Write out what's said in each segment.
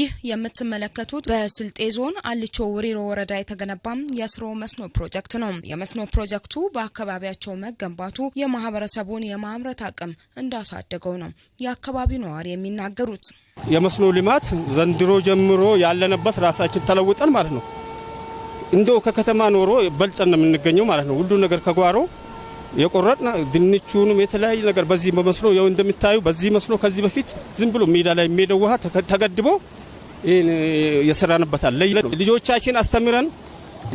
ይህ የምትመለከቱት በስልጤ ዞን አልቾ ውሪሮ ወረዳ የተገነባ የስሮ መስኖ ፕሮጀክት ነው። የመስኖ ፕሮጀክቱ በአካባቢያቸው መገንባቱ የማህበረሰቡን የማምረት አቅም እንዳሳደገው ነው የአካባቢው ነዋሪ የሚናገሩት። የመስኖ ልማት ዘንድሮ ጀምሮ ያለንበት ራሳችን ተለውጠን ማለት ነው እንደው ከከተማ ኖሮ በልጠን ነው የምንገኘው ማለት ነው። ሁሉ ነገር ከጓሮ የቆረጥና ድንቹንም የተለያዩ ነገር በዚህ በመስኖ ያው እንደምታዩ በዚህ መስኖ ከዚህ በፊት ዝም ብሎ ሜዳ ላይ የሚሄደው ውሃ ተገድቦ ይህን የሰራንበታል። ልጆቻችን አስተምረን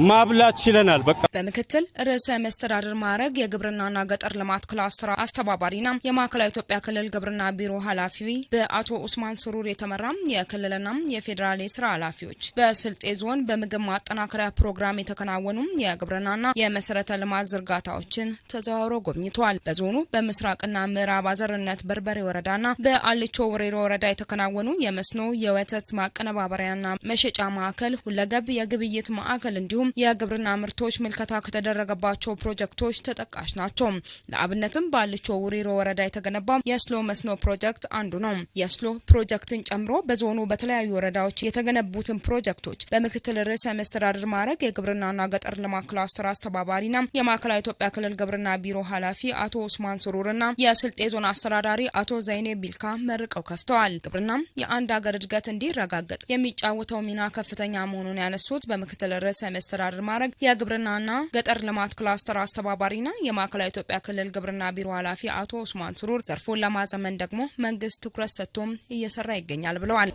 ማብላት ችለናል። በቃ በምክትል ርዕሰ መስተዳድር ማዕረግ የግብርናና ገጠር ልማት ክላስተር አስተባባሪና የማዕከላዊ ኢትዮጵያ ክልል ግብርና ቢሮ ኃላፊ በአቶ ኡስማን ስሩር የተመራም የክልልና የፌዴራል የስራ ኃላፊዎች በስልጤ ዞን በምግብ ማጠናከሪያ ፕሮግራም የተከናወኑ የግብርናና የመሰረተ ልማት ዝርጋታዎችን ተዘዋውሮ ጎብኝተዋል። በዞኑ በምስራቅና ምዕራብ አዘርነት በርበሬ ወረዳና በአልቾ ወሬሮ ወረዳ የተከናወኑ የመስኖ የወተት ማቀነባበሪያና መሸጫ ማዕከል ሁለገብ የግብይት ማዕከል እንዲሁ እንዲሁም የግብርና ምርቶች ምልከታ ከተደረገባቸው ፕሮጀክቶች ተጠቃሽ ናቸው። ለአብነትም ባልቾ ውሪሮ ወረዳ የተገነባው የስሎ መስኖ ፕሮጀክት አንዱ ነው። የስሎ ፕሮጀክትን ጨምሮ በዞኑ በተለያዩ ወረዳዎች የተገነቡትን ፕሮጀክቶች በምክትል ርዕሰ መስተዳድር ማዕረግ የግብርናና ገጠር ልማት ክላስተር አስተባባሪና የማዕከላዊ ኢትዮጵያ ክልል ግብርና ቢሮ ኃላፊ አቶ ኡስማን ስሩርና የስልጤ ዞን አስተዳዳሪ አቶ ዘይኔ ቢልካ መርቀው ከፍተዋል። ግብርናም የአንድ ሀገር እድገት እንዲረጋገጥ የሚጫወተው ሚና ከፍተኛ መሆኑን ያነሱት በምክትል ርዕሰ አስተዳደር ማድረግ የግብርናና ገጠር ልማት ክላስተር አስተባባሪና የማዕከላዊ ኢትዮጵያ ክልል ግብርና ቢሮ ኃላፊ አቶ ኡስማን ስሩር ዘርፉን ለማዘመን ደግሞ መንግስት ትኩረት ሰጥቶም እየሰራ ይገኛል ብለዋል።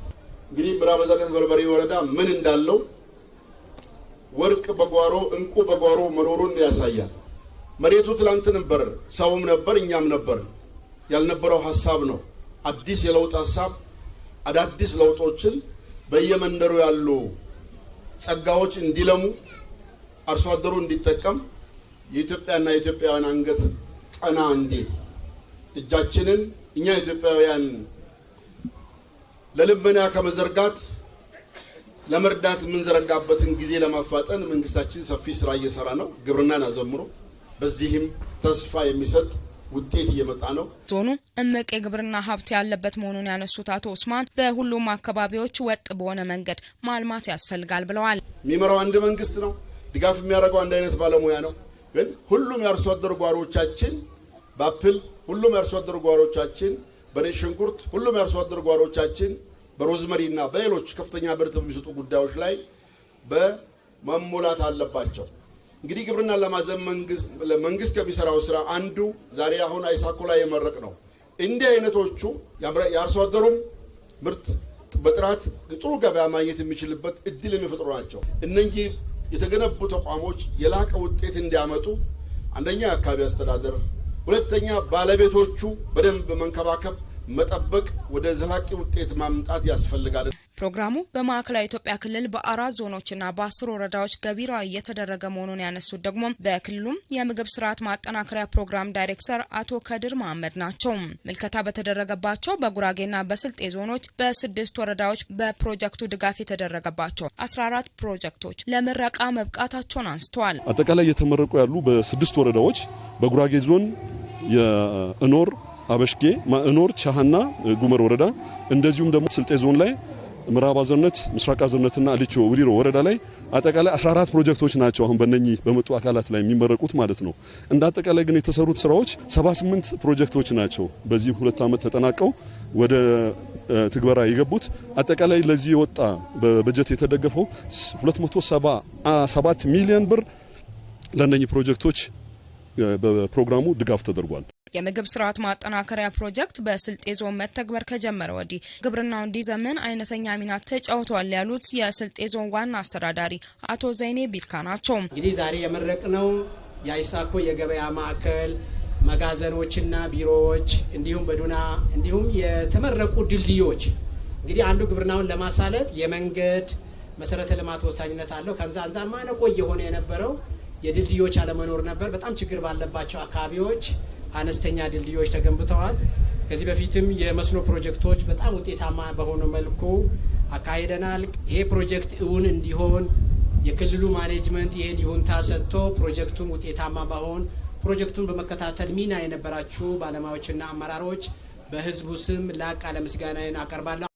እንግዲህ ምዕራብ በርበሬ ወረዳ ምን እንዳለው ወርቅ በጓሮ እንቁ በጓሮ መኖሩን ያሳያል። መሬቱ ትላንት ነበር፣ ሰውም ነበር፣ እኛም ነበር። ያልነበረው ሀሳብ ነው። አዲስ የለውጥ ሀሳብ አዳዲስ ለውጦችን በየመንደሩ ያሉ ጸጋዎች እንዲለሙ አርሶ አደሩ እንዲጠቀም የኢትዮጵያና የኢትዮጵያውያን አንገት ቀና እንዲል እጃችንን እኛ ኢትዮጵያውያን ለልመና ከመዘርጋት ለመርዳት የምንዘረጋበትን ጊዜ ለማፋጠን መንግስታችን ሰፊ ስራ እየሰራ ነው። ግብርናን አዘምሮ በዚህም ተስፋ የሚሰጥ ውጤት እየመጣ ነው። ዞኑ እምቅ የግብርና ሀብት ያለበት መሆኑን ያነሱት አቶ ኡስማን በሁሉም አካባቢዎች ወጥ በሆነ መንገድ ማልማት ያስፈልጋል ብለዋል። የሚመራው አንድ መንግስት ነው። ድጋፍ የሚያደርገው አንድ አይነት ባለሙያ ነው። ግን ሁሉም የአርሶ አደር ጓሮቻችን በአፕል፣ ሁሉም የአርሶ አደር ጓሮቻችን በነጭ ሽንኩርት፣ ሁሉም የአርሶ አደር ጓሮቻችን በሮዝመሪ እና በሌሎች ከፍተኛ ምርት በሚሰጡ ጉዳዮች ላይ በመሞላት አለባቸው። እንግዲህ ግብርና ለማዘም መንግስት ከሚሰራው ስራ አንዱ ዛሬ አሁን አይሳኮ ላይ የመረቅ ነው። እንዲህ አይነቶቹ የአርሶ አደሩም ምርት በጥራት ጥሩ ገበያ ማግኘት የሚችልበት እድል የሚፈጥሩ ናቸው። እነኚህ የተገነቡ ተቋሞች የላቀ ውጤት እንዲያመጡ አንደኛ የአካባቢ አስተዳደር፣ ሁለተኛ ባለቤቶቹ በደንብ መንከባከብ፣ መጠበቅ፣ ወደ ዘላቂ ውጤት ማምጣት ያስፈልጋል። ፕሮግራሙ በማዕከላዊ ኢትዮጵያ ክልል በአራት ዞኖችና በአስር ወረዳዎች ገቢራዊ እየተደረገ መሆኑን ያነሱት ደግሞ በክልሉም የምግብ ስርዓት ማጠናከሪያ ፕሮግራም ዳይሬክተር አቶ ከድር መሀመድ ናቸው። ምልከታ በተደረገባቸው በጉራጌና በስልጤ ዞኖች በስድስት ወረዳዎች በፕሮጀክቱ ድጋፍ የተደረገባቸው አስራ አራት ፕሮጀክቶች ለምረቃ መብቃታቸውን አንስተዋል። አጠቃላይ እየተመረቁ ያሉ በስድስት ወረዳዎች በጉራጌ ዞን የእኖር አበሽጌ እኖር ቻሃና ጉመር ወረዳ እንደዚሁም ደግሞ ስልጤ ዞን ላይ ምዕራብ አዘርነት፣ ምስራቅ አዘርነትና ልቾ ውሪሮ ወረዳ ላይ አጠቃላይ 14 ፕሮጀክቶች ናቸው አሁን በእነኚህ በመጡ አካላት ላይ የሚመረቁት ማለት ነው። እንደ አጠቃላይ ግን የተሰሩት ስራዎች 78 ፕሮጀክቶች ናቸው በዚህ ሁለት ዓመት ተጠናቀው ወደ ትግበራ የገቡት። አጠቃላይ ለዚህ የወጣ በበጀት የተደገፈው 277 ሚሊዮን ብር ለነኚህ ፕሮጀክቶች በፕሮግራሙ ድጋፍ ተደርጓል። የምግብ ስርዓት ማጠናከሪያ ፕሮጀክት በስልጤ ዞን መተግበር ከጀመረ ወዲህ ግብርናው እንዲዘምን አይነተኛ ሚና ተጫውተዋል ያሉት የስልጤ ዞን ዋና አስተዳዳሪ አቶ ዘይኔ ቢልካ ናቸው። እንግዲህ ዛሬ የመረቅነው የአይሳኮ የገበያ ማዕከል መጋዘኖችና ቢሮዎች እንዲሁም በዱና እንዲሁም የተመረቁ ድልድዮች እንግዲህ አንዱ ግብርናውን ለማሳለጥ የመንገድ መሰረተ ልማት ወሳኝነት አለው። ከዛ አንዛ ማነቆ እየሆነ የነበረው የድልድዮች አለመኖር ነበር። በጣም ችግር ባለባቸው አካባቢዎች አነስተኛ ድልድዮች ተገንብተዋል። ከዚህ በፊትም የመስኖ ፕሮጀክቶች በጣም ውጤታማ በሆነ መልኩ አካሂደናል። ይሄ ፕሮጀክት እውን እንዲሆን የክልሉ ማኔጅመንት ይሄን ይሁንታ ሰጥቶ ፕሮጀክቱን ውጤታማ በሆን ፕሮጀክቱን በመከታተል ሚና የነበራችሁ ባለሙያዎችና አመራሮች በህዝቡ ስም ላቅ ያለ ምስጋናዬን አቀርባለሁ።